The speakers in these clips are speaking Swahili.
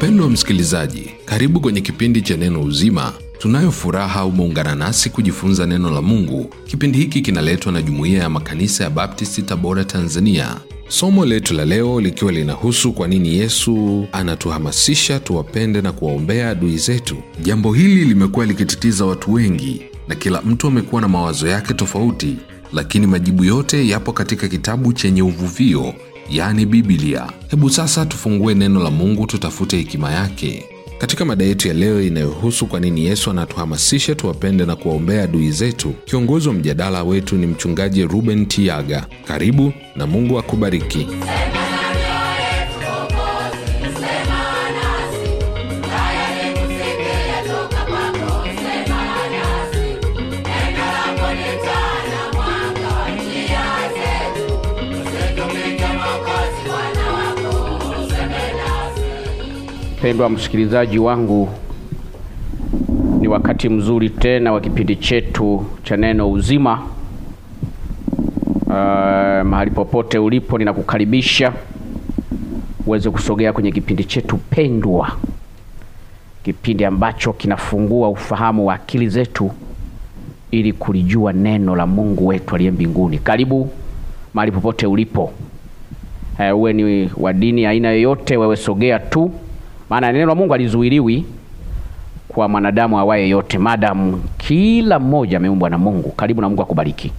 Mpendwa msikilizaji, karibu kwenye kipindi cha Neno Uzima. Tunayo furaha umeungana nasi kujifunza neno la Mungu. Kipindi hiki kinaletwa na Jumuiya ya Makanisa ya Baptisti, Tabora, Tanzania. Somo letu la leo likiwa linahusu kwa nini Yesu anatuhamasisha tuwapende na kuwaombea adui zetu. Jambo hili limekuwa likitatiza watu wengi na kila mtu amekuwa na mawazo yake tofauti, lakini majibu yote yapo katika kitabu chenye uvuvio yani Biblia. Hebu sasa tufungue neno la Mungu, tutafute hekima yake katika mada yetu ya leo inayohusu kwa nini Yesu anatuhamasisha tuwapende na kuwaombea adui zetu. Kiongozi wa mjadala wetu ni Mchungaji Ruben Tiaga. Karibu na Mungu akubariki. Mpendwa msikilizaji wangu, ni wakati mzuri tena wa kipindi chetu cha Neno Uzima. Uh, mahali popote ulipo, ninakukaribisha uweze kusogea kwenye kipindi chetu pendwa, kipindi ambacho kinafungua ufahamu wa akili zetu ili kulijua neno la Mungu wetu aliye mbinguni. Karibu mahali popote ulipo. Eh, uwe ni wa dini aina yoyote, wewe sogea tu maana neno la Mungu alizuiliwi kwa mwanadamu awaye yote, madamu kila mmoja ameumbwa na Mungu. Karibu na Mungu akubariki.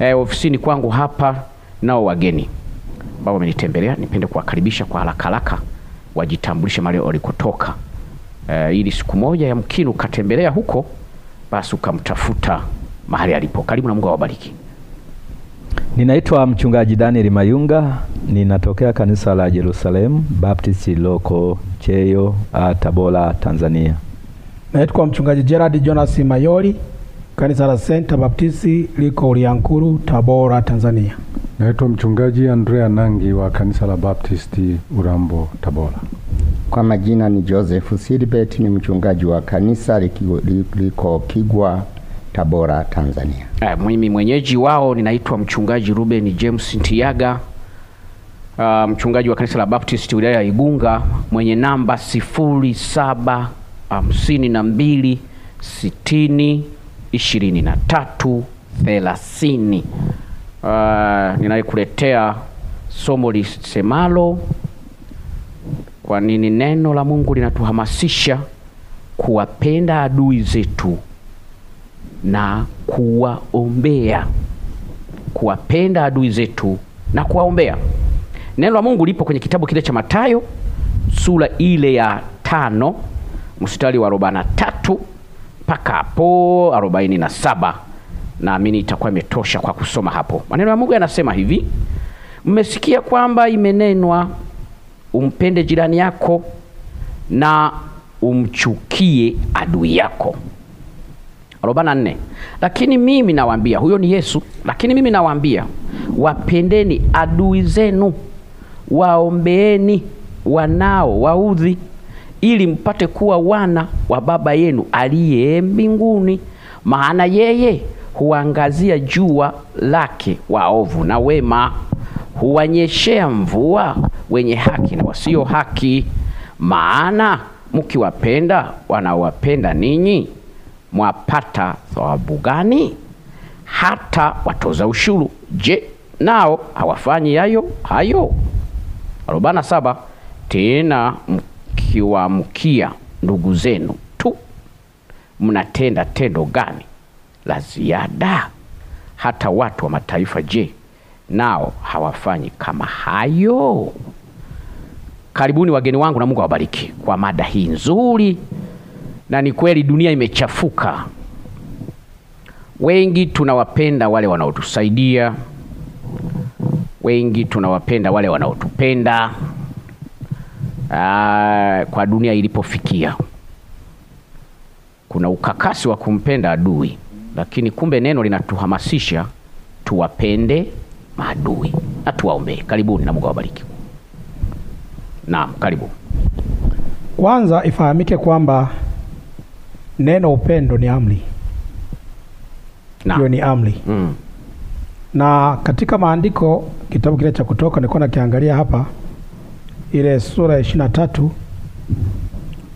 E, ofisini kwangu hapa nao wageni ambao wamenitembelea, nipende kuwakaribisha kwa haraka haraka, wajitambulishe mahali walikotoka, e, ili siku moja yamkini ukatembelea huko, basi ukamtafuta mahali alipo. Karibu na Mungu awabariki. Ninaitwa mchungaji Daniel Mayunga, ninatokea kanisa la Jerusalem Baptist loko Cheyo, Tabora, Tanzania. Naitwa mchungaji Gerard Jonas Mayori, kanisa la Senta Baptisti liko Uliankuru, Tabora, Tanzania. Naitwa mchungaji Andrea Nangi wa kanisa la Baptisti Urambo, Tabora. Kwa majina ni Joseph Silbert, ni mchungaji wa kanisa liko Kigwa Tabora, Tanzania. Eh, mimi mwenyeji wao ninaitwa mchungaji Ruben James Ntiyaga, uh, mchungaji wa kanisa la Baptist wilaya ya Igunga mwenye namba sifuri saba hamsini na mbili sitini ishirini na tatu thelathini. Uh, ninayekuletea somo lisemalo kwa nini neno la Mungu linatuhamasisha kuwapenda adui zetu na kuwaombea, kuwapenda adui zetu na kuwaombea. Neno la Mungu lipo kwenye kitabu kile cha Mathayo sura ile ya tano mstari wa arobaini na tatu mpaka hapo arobaini na saba. Naamini itakuwa imetosha kwa kusoma hapo. Maneno ya Mungu yanasema hivi: mmesikia kwamba imenenwa, umpende jirani yako na umchukie adui yako nne Lakini mimi nawaambia, huyo ni Yesu. Lakini mimi nawaambia, wapendeni adui zenu, waombeeni wanao waudhi, ili mpate kuwa wana wa Baba yenu aliye mbinguni, maana yeye huangazia jua lake waovu na wema, huwanyeshea mvua wenye haki na wasio haki. Maana mkiwapenda wanaowapenda ninyi mwapata thawabu gani? Hata watoza ushuru, je, nao hawafanyi hayo hayo? saba. Tena mkiwamkia ndugu zenu tu, mnatenda tendo gani la ziada? Hata watu wa mataifa, je, nao hawafanyi kama hayo? Karibuni wageni wangu, na Mungu awabariki kwa mada hii nzuri na ni kweli dunia imechafuka. Wengi tunawapenda wale wanaotusaidia, wengi tunawapenda wale wanaotupenda. Aa, ah, kwa dunia ilipofikia, kuna ukakasi wa kumpenda adui, lakini kumbe neno linatuhamasisha tuwapende maadui na tuwaombee. Karibuni na Mungu awabariki. Naam, karibu. Kwanza ifahamike kwamba neno upendo ni amri, hiyo ni amri mm. na katika maandiko kitabu kile cha Kutoka nilikuwa nakiangalia hapa, ile sura ya ishirini na tatu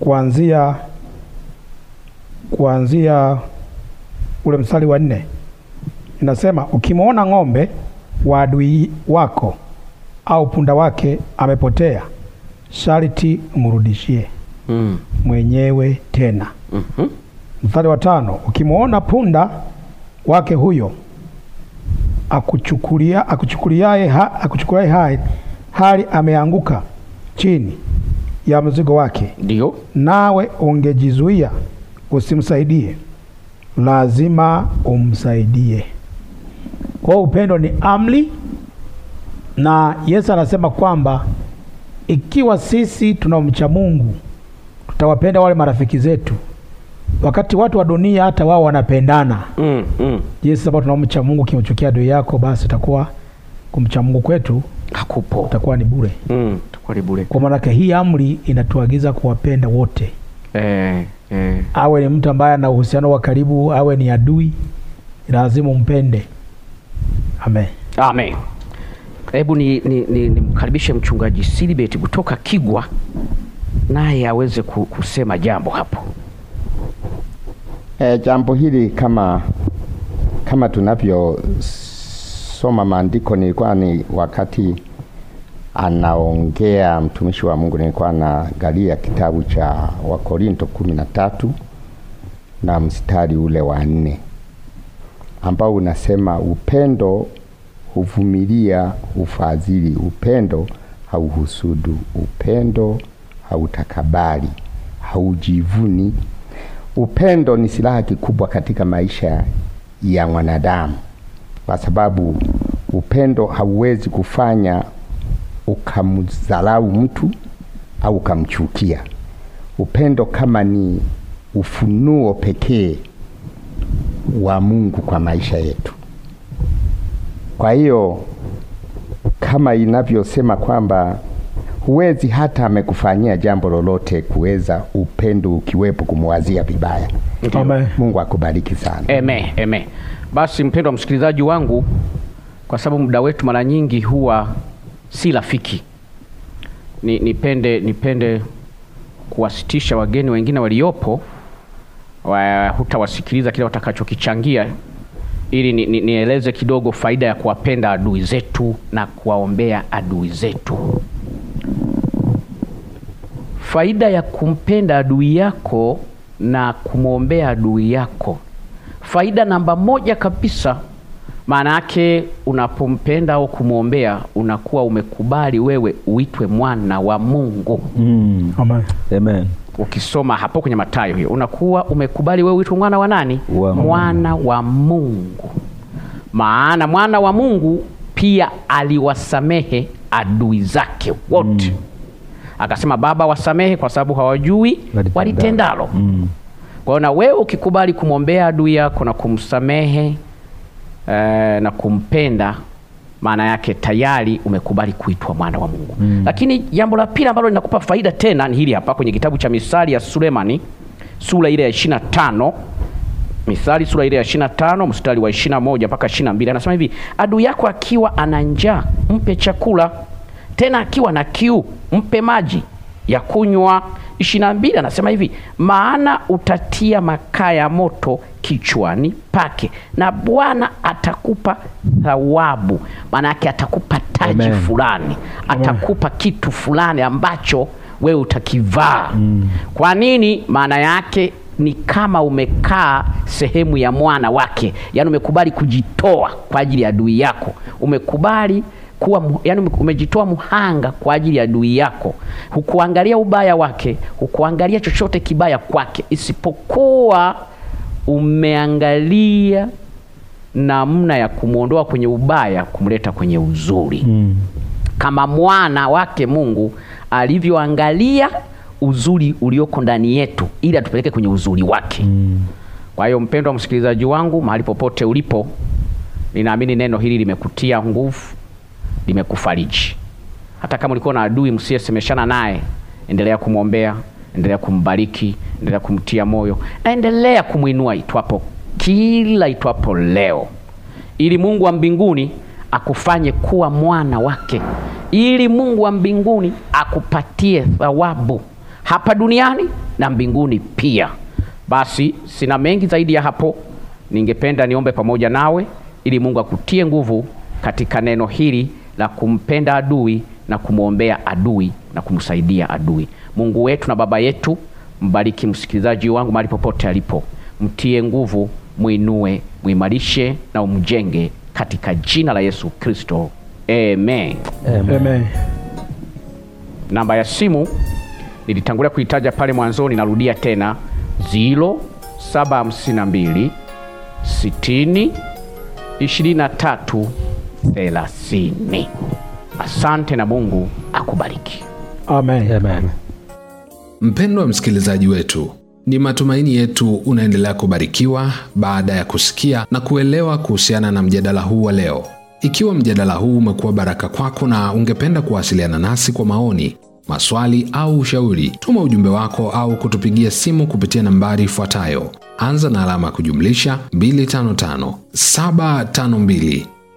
kuanzia kuanzia ule mstari wa nne inasema, ukimwona ng'ombe wa adui wako au punda wake amepotea, sharti mrudishie mm. mwenyewe tena mm mstari wa tano, ukimwona punda wake huyo akuchukulia akuchukuliaye ha, akuchukuliaye hai hali ameanguka chini ya mzigo wake, ndio nawe ungejizuia usimsaidie, lazima umsaidie. Kwa upendo ni amri, na Yesu anasema kwamba ikiwa sisi tunamcha Mungu tutawapenda wale marafiki zetu wakati watu wa dunia hata wao wanapendana mm, mm. Jinsi sababu tunamcha Mungu, kimchukia adui yako, basi itakuwa kumcha Mungu kwetu hakupo, itakuwa ni bure mm, utakuwa ni bure. Kwa maana hii amri inatuagiza kuwapenda wote eh, eh. Awe ni mtu ambaye ana uhusiano wa karibu, awe ni adui, lazima umpende. Amen, amen. Hebu nimkaribishe ni, ni, ni mchungaji Silibeti kutoka Kigwa naye aweze kusema jambo hapo. E, jambo hili kama kama tunavyosoma maandiko, nilikuwa ni wakati anaongea mtumishi wa Mungu, nilikuwa galia kitabu cha Wakorinto kumi na tatu na mstari ule wa nne ambao unasema upendo huvumilia, ufadhili upendo hauhusudu, upendo hautakabali, haujivuni Upendo ni silaha kikubwa katika maisha ya mwanadamu, kwa sababu upendo hauwezi kufanya ukamdharau mtu au ukamchukia. Upendo kama ni ufunuo pekee wa Mungu kwa maisha yetu. Kwa hiyo kama inavyosema kwamba huwezi hata amekufanyia jambo lolote kuweza upendo ukiwepo kumwazia vibaya. Mungu akubariki sana. Amen, amen. Basi mpendwa msikilizaji wangu, kwa sababu muda wetu mara nyingi huwa si rafiki, ni, nipende nipende kuwasitisha wageni wengine waliopo wa, hutawasikiliza kile watakachokichangia ili ni, ni, nieleze kidogo faida ya kuwapenda adui zetu na kuwaombea adui zetu. Faida ya kumpenda adui yako na kumwombea adui yako. Faida namba moja kabisa, maana yake unapompenda au kumwombea unakuwa umekubali wewe uitwe mwana wa Mungu. Mm. Amen. Ukisoma hapo kwenye Mathayo hiyo, unakuwa umekubali wewe uitwe mwana wa nani? Wow. Mwana wa Mungu. Maana mwana wa Mungu pia aliwasamehe adui zake wote. Mm. Akasema, Baba, wasamehe kwa sababu hawajui walitendalo. Mm. Kwa hiyo na wewe ukikubali kumwombea adui yako na kumsamehe eh, na kumpenda maana yake tayari umekubali kuitwa mwana wa Mungu. Mm. Lakini jambo la pili ambalo linakupa faida tena ni hili hapa kwenye kitabu cha Misali ya Sulemani sura ile ya 25 Mithali sura ile ya 25 mstari wa 21 mpaka 22, anasema hivi: adui yako akiwa ana njaa mpe chakula, tena akiwa na kiu mpe maji ya kunywa. ishirini na mbili anasema hivi, maana utatia makaa ya moto kichwani pake na Bwana atakupa thawabu. Maana yake atakupa taji Amen. fulani atakupa Amen. kitu fulani ambacho wewe utakivaa. Mm. Kwa nini? Maana yake ni kama umekaa sehemu ya mwana wake, yaani umekubali kujitoa kwa ajili ya adui yako, umekubali kuwa yani, umejitoa mhanga kwa ajili ya adui yako, hukuangalia ubaya wake, hukuangalia chochote kibaya kwake, isipokuwa umeangalia namna ya kumwondoa kwenye ubaya kumleta kwenye uzuri mm. Kama mwana wake Mungu alivyoangalia uzuri ulioko ndani yetu ili atupeleke kwenye uzuri wake mm. Kwa hiyo mpendwa msikilizaji wangu, mahali popote ulipo, ninaamini neno hili limekutia nguvu limekufariji. Hata kama ulikuwa na adui msiyesemeshana naye, endelea kumwombea, endelea kumbariki, endelea kumtia moyo endelea kumwinua itwapo kila itwapo leo, ili Mungu wa mbinguni akufanye kuwa mwana wake, ili Mungu wa mbinguni akupatie thawabu hapa duniani na mbinguni pia. Basi sina mengi zaidi ya hapo, ningependa niombe pamoja nawe ili Mungu akutie nguvu katika neno hili la kumpenda adui na kumwombea adui na kumsaidia adui. Mungu wetu na Baba yetu, mbariki msikilizaji wangu mahali popote alipo, mtie nguvu, mwinue, mwimarishe na umjenge katika jina la Yesu Kristo, amen. Amen. Amen. Namba ya simu nilitangulia kuitaja pale mwanzoni, narudia tena 0752 60 23 thelathini. Asante na Mungu akubariki. Amen. Amen. Mpendwa msikilizaji wetu, ni matumaini yetu unaendelea kubarikiwa baada ya kusikia na kuelewa kuhusiana na mjadala huu wa leo. Ikiwa mjadala huu umekuwa baraka kwako na ungependa kuwasiliana nasi kwa maoni, maswali au ushauri, tuma ujumbe wako au kutupigia simu kupitia nambari ifuatayo: anza na alama ya kujumlisha 255 752